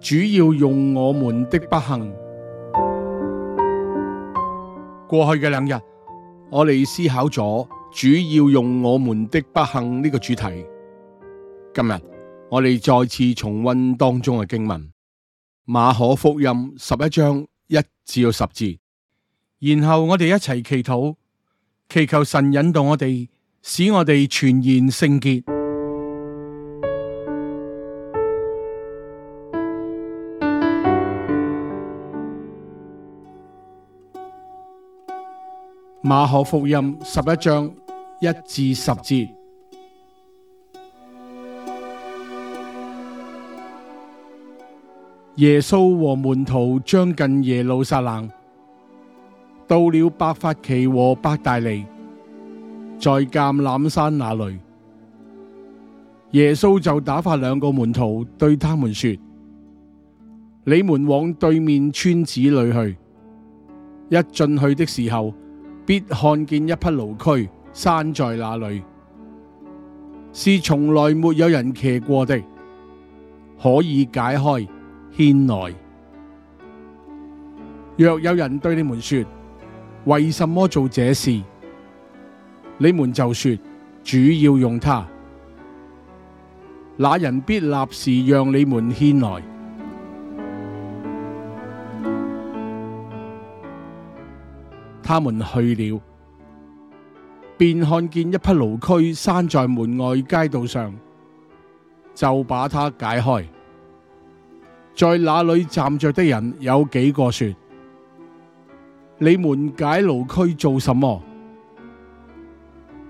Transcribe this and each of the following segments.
主要用我們的不幸。過去嘅兩日，我哋思考咗主要用我們的不幸呢個主題。今日我哋再次重溫當中嘅經文，馬可福音十一章一至到十節。然後我哋一齊祈禱，祈求神引導我哋，使我哋傳言聖潔。馬可福音十一章一至十節。耶穌和門徒將近耶路撒冷，到了伯法其和伯大尼，在橄欖山那裡，耶穌就打發兩個門徒對他們說：你們往對面村子裡去，一進去的時候，必看見一匹驢駒拴在那裏，是從來沒有人騎過的，可以解開牽來。若有人對你們說，為什麼做這事？你們就說，主要用它。那人必立時讓你們牽來。他們去了，便看見一匹驢駒拴在門外街道上，就把它解開。在那裏站着的人有幾個說：你們解驢駒做什麼？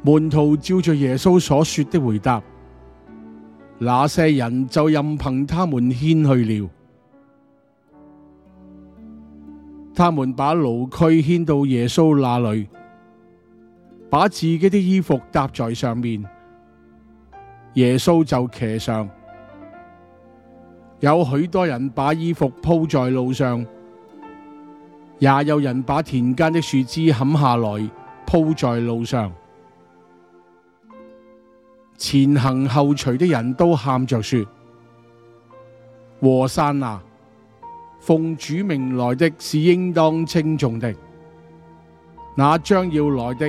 門徒照着耶穌所說的回答，那些人就任憑他們牽去了。他們把驢駒牽到耶穌那裏，把自己的衣服搭在上面，耶穌就騎上。有許多人把衣服鋪在路上，也有人把田間的樹枝砍下來鋪在路上。前行後隨的人都喊着說：和散那！奉主名來的是應當稱頌的，那將要來的，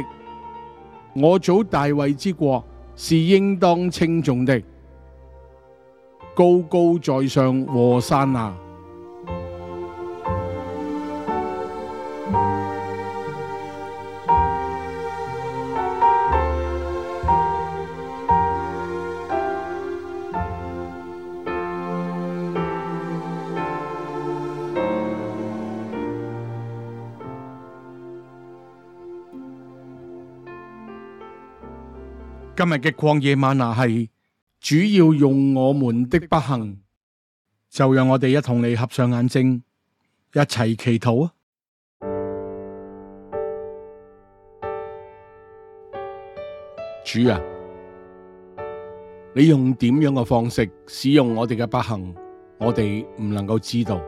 我祖大衛之國是應當稱頌的，高高在上和散那！今日嘅曠野嗎哪係主要用我們的不幸，就讓我哋一同你合上眼睛，一齊祈禱啊！ 主啊，你用點樣嘅方式使用我哋嘅不幸，我哋唔能夠知道，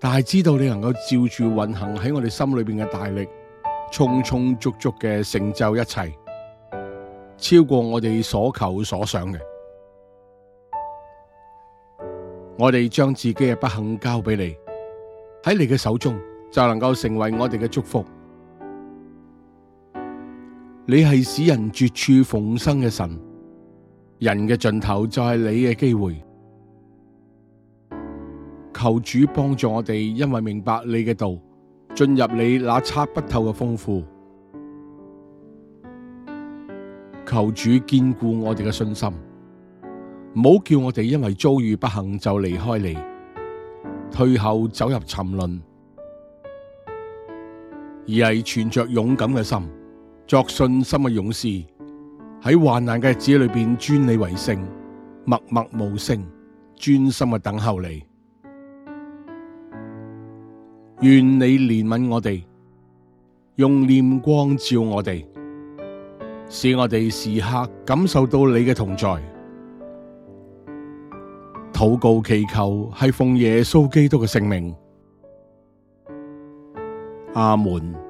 但係知道你能夠照住運行喺我哋心裏邊嘅大力。充充足足嘅成就一切，超過我哋所求所想嘅。我哋將自己嘅不幸交俾你，喺你嘅手中就能夠成為我哋嘅祝福。你係使人絕處逢生嘅神，人嘅盡頭就係你嘅機會。求主幫助我哋，因為明白你嘅道。進入你那測不透嘅豐富，求主堅固我哋嘅信心，唔好叫我哋因為遭遇不幸就離開你，退後走入沉淪，而係存着勇敢嘅心，作信心嘅勇士，喺患難嘅日子裏邊尊你為聖，默默無聲，專心嘅等候你。願你憐憫我哋，用念光照我哋，使我哋時刻感受到你嘅同在。禱告祈求係奉耶穌基督嘅聖名，阿門。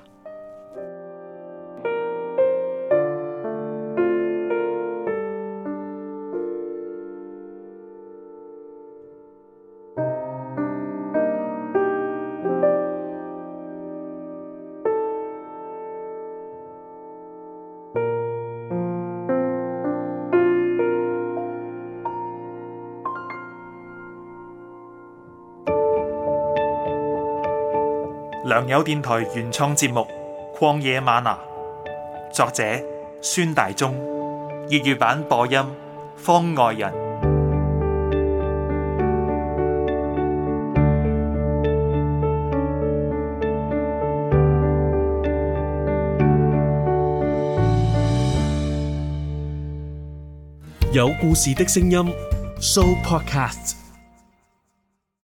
良友電台原創節目《曠野嗎哪》，作者孫大中，粵語版播音方外人，有故事的聲音，Show Podcast。